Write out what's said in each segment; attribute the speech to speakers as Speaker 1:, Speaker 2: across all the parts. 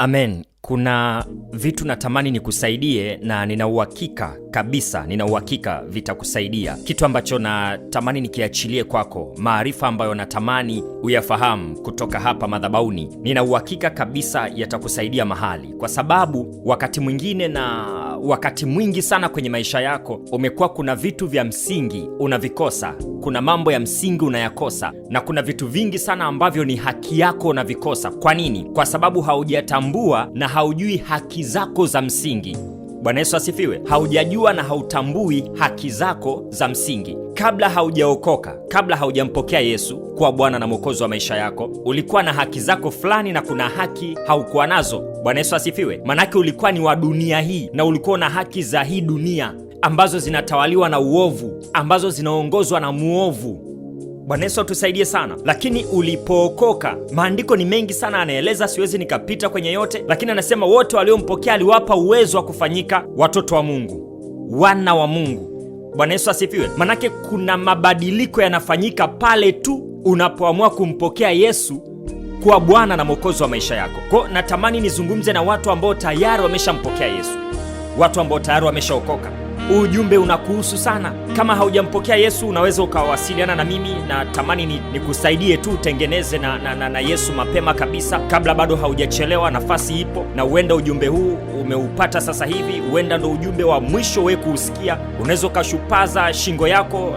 Speaker 1: Amen. Kuna vitu natamani nikusaidie na nina uhakika kabisa, nina uhakika vitakusaidia. Kitu ambacho natamani nikiachilie kwako, maarifa ambayo natamani uyafahamu kutoka hapa madhabauni, nina uhakika kabisa yatakusaidia mahali, kwa sababu wakati mwingine na wakati mwingi sana kwenye maisha yako umekuwa kuna vitu vya msingi unavikosa, kuna mambo ya msingi unayakosa, na kuna vitu vingi sana ambavyo ni haki yako unavikosa. Kwa nini? Kwa sababu haujatambua na haujui haki zako za msingi. Bwana Yesu asifiwe. Haujajua na hautambui haki zako za msingi kabla haujaokoka, kabla haujampokea Yesu kuwa Bwana na Mwokozi wa maisha yako. Ulikuwa na haki zako fulani, na kuna haki haukuwa nazo. Bwana Yesu asifiwe. Manake ulikuwa ni wa dunia hii na ulikuwa na haki za hii dunia ambazo zinatawaliwa na uovu, ambazo zinaongozwa na muovu Bwana Yesu atusaidie sana. Lakini ulipookoka, maandiko ni mengi sana anaeleza, siwezi nikapita kwenye yote, lakini anasema wote waliompokea aliwapa uwezo wa kufanyika watoto wa Mungu, wana wa Mungu. Bwana Yesu asifiwe. Manake kuna mabadiliko yanafanyika pale tu unapoamua kumpokea Yesu kuwa Bwana na Mwokozi wa maisha yako. Kwa natamani nizungumze na watu ambao tayari wameshampokea Yesu, watu ambao tayari wameshaokoka ujumbe unakuhusu sana. Kama haujampokea Yesu, unaweza ukawasiliana na mimi, na tamani nikusaidie ni tu utengeneze na, na, na, na Yesu mapema kabisa, kabla bado haujachelewa. Nafasi ipo, na huenda ujumbe huu umeupata sasa hivi, huenda ndo ujumbe wa mwisho we kuusikia. Unaweza ukashupaza shingo yako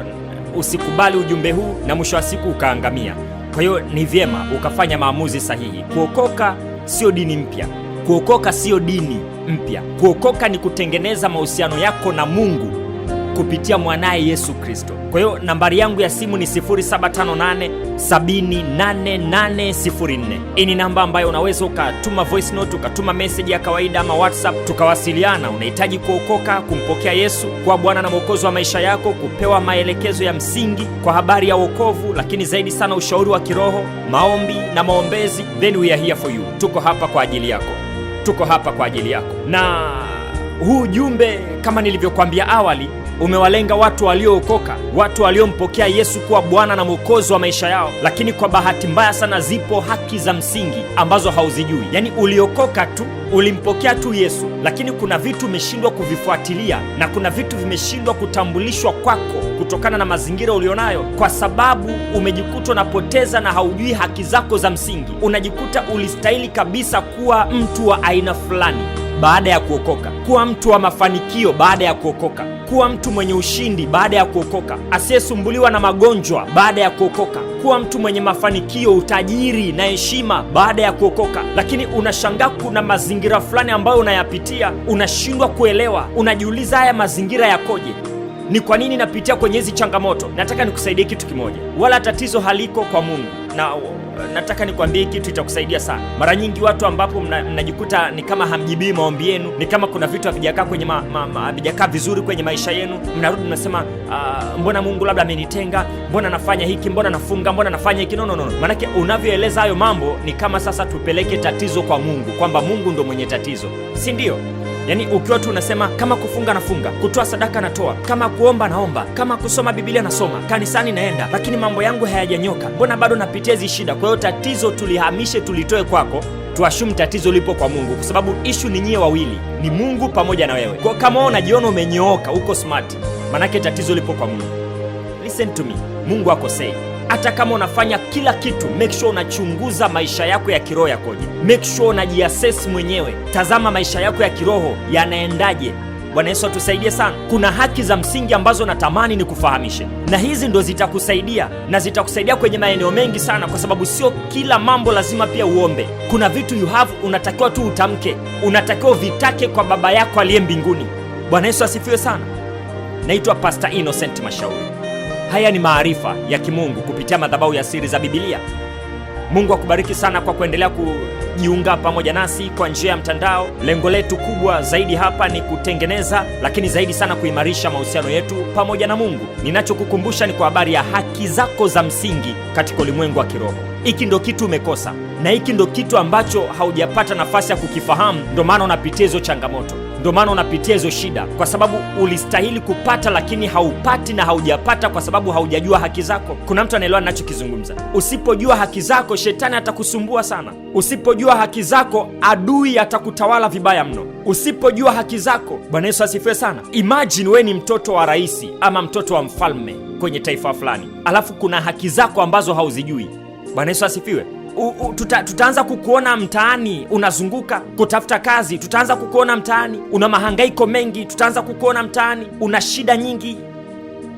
Speaker 1: usikubali ujumbe huu, na mwisho wa siku ukaangamia. Kwa hiyo ni vyema ukafanya maamuzi sahihi. Kuokoka sio dini mpya. Kuokoka siyo dini mpya. Kuokoka ni kutengeneza mahusiano yako na Mungu kupitia mwanaye Yesu Kristo. Kwa hiyo nambari yangu ya simu ni 0758 788804. Hii ni namba ambayo unaweza ukatuma voice note, ukatuma message ya kawaida ama WhatsApp tukawasiliana. Unahitaji kuokoka, kumpokea Yesu kwa Bwana na Mwokozi wa maisha yako, kupewa maelekezo ya msingi kwa habari ya wokovu, lakini zaidi sana ushauri wa kiroho, maombi na maombezi, then we are here for you. Tuko hapa kwa ajili yako, tuko hapa kwa ajili yako. Na huu jumbe kama nilivyokuambia awali umewalenga watu waliookoka, watu waliompokea Yesu kuwa Bwana na Mwokozi wa maisha yao, lakini kwa bahati mbaya sana zipo haki za msingi ambazo hauzijui. Yaani uliokoka tu, ulimpokea tu Yesu, lakini kuna vitu umeshindwa kuvifuatilia na kuna vitu vimeshindwa kutambulishwa kwako kutokana na mazingira ulionayo, kwa sababu umejikuta unapoteza na haujui haki zako za msingi. Unajikuta ulistahili kabisa kuwa mtu wa aina fulani baada ya kuokoka, kuwa mtu wa mafanikio baada ya kuokoka kuwa mtu mwenye ushindi baada ya kuokoka, asiyesumbuliwa na magonjwa baada ya kuokoka, kuwa mtu mwenye mafanikio, utajiri na heshima baada ya kuokoka. Lakini unashangaa kuna mazingira fulani ambayo unayapitia, unashindwa kuelewa, unajiuliza haya mazingira yakoje? ni kwa nini napitia kwenye hizi changamoto. Nataka nikusaidie kitu kimoja, wala tatizo haliko kwa Mungu na uh, nataka nikwambie kitu itakusaidia sana. Mara nyingi watu ambapo mnajikuta mna ni kama hamjibii maombi yenu, ni kama kuna vitu havijakaa kwenye havijakaa vizuri kwenye maisha yenu, mnarudi mnasema, uh, mbona Mungu labda amenitenga, mbona nafanya hiki, mbona nafunga, mbona nafanya hiki. No, no, no. Maanake unavyoeleza hayo mambo ni kama sasa tupeleke tatizo kwa Mungu, kwamba Mungu ndo mwenye tatizo, si ndio? Yaani ukiwa tu unasema kama kufunga nafunga, kutoa sadaka natoa, kama kuomba naomba, kama kusoma Biblia nasoma, kanisani naenda, lakini mambo yangu hayajanyoka, mbona bado napitia hizi shida? Kwa hiyo tatizo tulihamishe, tulitoe kwako tuashumu tatizo lipo kwa Mungu kwa sababu ishu ni nyie wawili, ni Mungu pamoja na wewe. Kwa kama unajiona umenyooka, uko smart, manake tatizo lipo kwa Mungu. Listen to me, Mungu akosei hata kama unafanya kila kitu, make sure unachunguza maisha yako ya kiroho yakoje, make sure unajiassess mwenyewe. Tazama maisha yako ya kiroho yanaendaje. Bwana Yesu atusaidie sana. Kuna haki za msingi ambazo natamani ni kufahamishe, na hizi ndo zitakusaidia na zitakusaidia kwenye maeneo mengi sana, kwa sababu sio kila mambo lazima pia uombe. Kuna vitu you have unatakiwa tu utamke, unatakiwa vitake kwa baba yako aliye mbinguni. Bwana Yesu asifiwe sana. Naitwa Pastor Innocent Mashauri. Haya ni maarifa ya kimungu kupitia madhabahu ya siri za Biblia. Mungu akubariki sana kwa kuendelea kujiunga pamoja nasi kwa njia ya mtandao. Lengo letu kubwa zaidi hapa ni kutengeneza, lakini zaidi sana kuimarisha mahusiano yetu pamoja na Mungu. Ninachokukumbusha ni kwa habari ya haki zako za msingi katika ulimwengu wa kiroho. Hiki ndo kitu umekosa na hiki ndo kitu ambacho haujapata nafasi ya kukifahamu, ndo maana unapitia hizo changamoto. Ndio maana unapitia hizo shida, kwa sababu ulistahili kupata, lakini haupati na haujapata kwa sababu haujajua haki zako. Kuna mtu anaelewa ninachokizungumza? Usipojua haki zako, shetani atakusumbua sana. Usipojua haki zako, adui atakutawala vibaya mno. Usipojua haki zako. Bwana Yesu asifiwe sana. Imagine wewe ni mtoto wa rais ama mtoto wa mfalme kwenye taifa fulani, alafu kuna haki zako ambazo hauzijui. Bwana Yesu asifiwe tutaanza kukuona mtaani unazunguka kutafuta kazi, tutaanza kukuona mtaani una mahangaiko mengi, tutaanza kukuona mtaani una shida nyingi,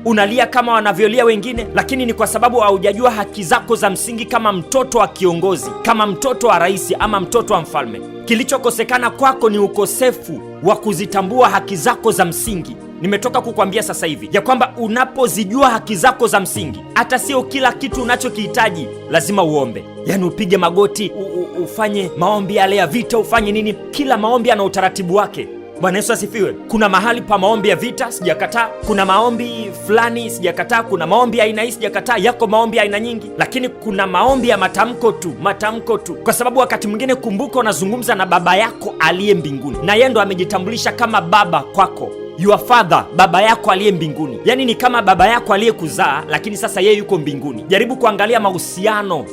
Speaker 1: unalia kama wanavyolia wengine, lakini ni kwa sababu haujajua haki zako za msingi kama mtoto wa kiongozi, kama mtoto wa rais ama mtoto wa mfalme. Kilichokosekana kwako ni ukosefu wa kuzitambua haki zako za msingi. Nimetoka kukwambia sasa hivi ya kwamba unapozijua haki zako za msingi, hata sio kila kitu unachokihitaji lazima uombe yaani upige magoti u, u, ufanye maombi yale ya vita, ufanye nini. Kila maombi ana utaratibu wake. Bwana Yesu asifiwe. Kuna mahali pa maombi ya vita, sijakataa. Kuna maombi fulani, sijakataa. Kuna maombi ya aina hii, sijakataa. Yako maombi ya aina nyingi, lakini kuna maombi ya matamko tu, matamko tu, kwa sababu wakati mwingine, kumbuka, unazungumza na Baba yako aliye mbinguni, na yeye ndo amejitambulisha kama Baba kwako your father, baba yako aliye mbinguni. Yaani ni kama baba yako aliyekuzaa, lakini sasa yeye yuko mbinguni. Jaribu kuangalia mahusiano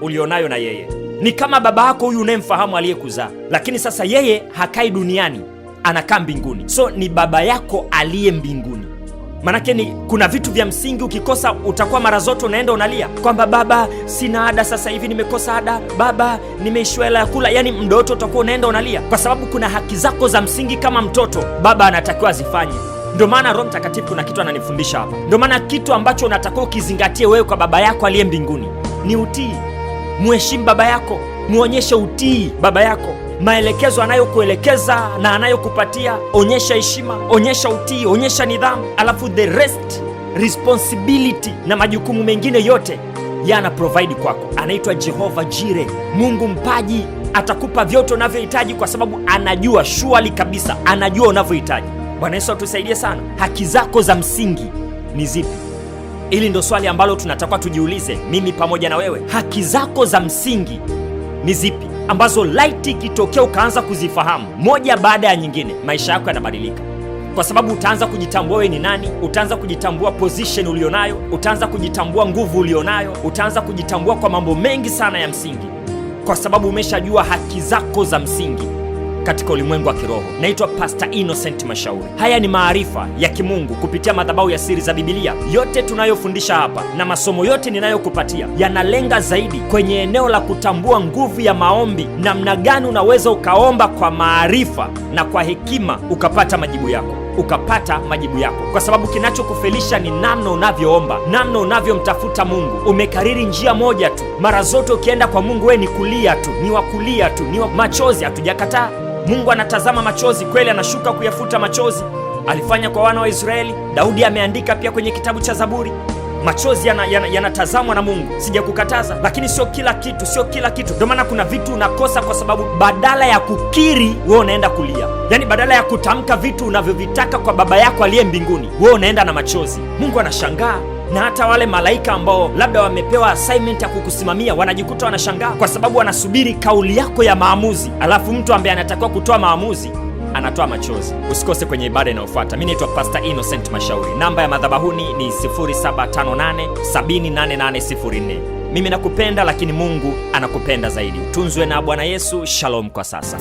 Speaker 1: ulionayo na yeye. Ni kama baba yako huyu unayemfahamu aliyekuzaa, lakini sasa yeye hakai duniani, anakaa mbinguni. So ni baba yako aliye mbinguni. Manake ni kuna vitu vya msingi ukikosa, utakuwa mara zote unaenda unalia kwamba baba, sina ada, sasa hivi nimekosa ada, baba, nimeishiwa hela ya kula. Yani mda wote utakuwa unaenda unalia, kwa sababu kuna haki zako za msingi kama mtoto baba anatakiwa azifanye. Ndio maana Roho Mtakatifu kuna kitu ananifundisha hapa. Ndio maana kitu ambacho unatakiwa ukizingatie wewe kwa baba yako aliye mbinguni ni utii. Mheshimu baba yako, muonyeshe utii baba yako. Maelekezo anayokuelekeza na anayokupatia onyesha heshima, onyesha utii, onyesha nidhamu, alafu the rest responsibility na majukumu mengine yote yana provide kwako. Anaitwa Jehova Jire, Mungu mpaji. Atakupa vyote unavyohitaji kwa sababu anajua shuali kabisa, anajua unavyohitaji. Bwana Yesu atusaidie sana. Haki zako za msingi ni zipi? Hili ndo swali ambalo tunatakiwa tujiulize, mimi pamoja na wewe. Haki zako za msingi ni zipi ambazo light ikitokea ukaanza kuzifahamu moja baada ya nyingine, maisha yako yanabadilika, kwa sababu utaanza kujitambua wewe ni nani, utaanza kujitambua position ulionayo, utaanza kujitambua nguvu ulionayo, utaanza kujitambua kwa mambo mengi sana ya msingi, kwa sababu umeshajua haki zako za msingi katika ulimwengu wa kiroho. Naitwa Pastor Innocent Mashauri. Haya ni maarifa ya kimungu kupitia madhabahu ya siri za Bibilia. Yote tunayofundisha hapa na masomo yote ninayokupatia yanalenga zaidi kwenye eneo la kutambua nguvu ya maombi, namna gani unaweza ukaomba kwa maarifa na kwa hekima ukapata majibu yako ukapata majibu yako, kwa sababu kinachokufelisha ni namna unavyoomba, namna unavyomtafuta Mungu. Umekariri njia moja tu mara zote, ukienda kwa Mungu we ni kulia tu, ni wakulia tu, ni wa machozi. Hatujakataa Mungu anatazama machozi kweli, anashuka kuyafuta machozi. Alifanya kwa wana wa Israeli. Daudi ameandika pia kwenye kitabu cha Zaburi machozi yanatazamwa yana, yana na Mungu. Sijakukataza, lakini sio kila kitu, sio kila kitu. Ndio maana kuna vitu unakosa kwa sababu badala ya kukiri wewe unaenda kulia, yaani badala ya kutamka vitu unavyovitaka kwa baba yako aliye mbinguni, wewe unaenda na machozi. Mungu anashangaa na hata wale malaika ambao labda wamepewa assignment ya kukusimamia wanajikuta wanashangaa, kwa sababu wanasubiri kauli yako ya maamuzi, alafu mtu ambaye anatakiwa kutoa maamuzi anatoa machozi. Usikose kwenye ibada inayofuata. mi naitwa pasta Innocent Mashauri. Namba ya madhabahuni ni 0758 Mimi nakupenda, lakini Mungu anakupenda zaidi. Utunzwe na Bwana Yesu. Shalom kwa sasa.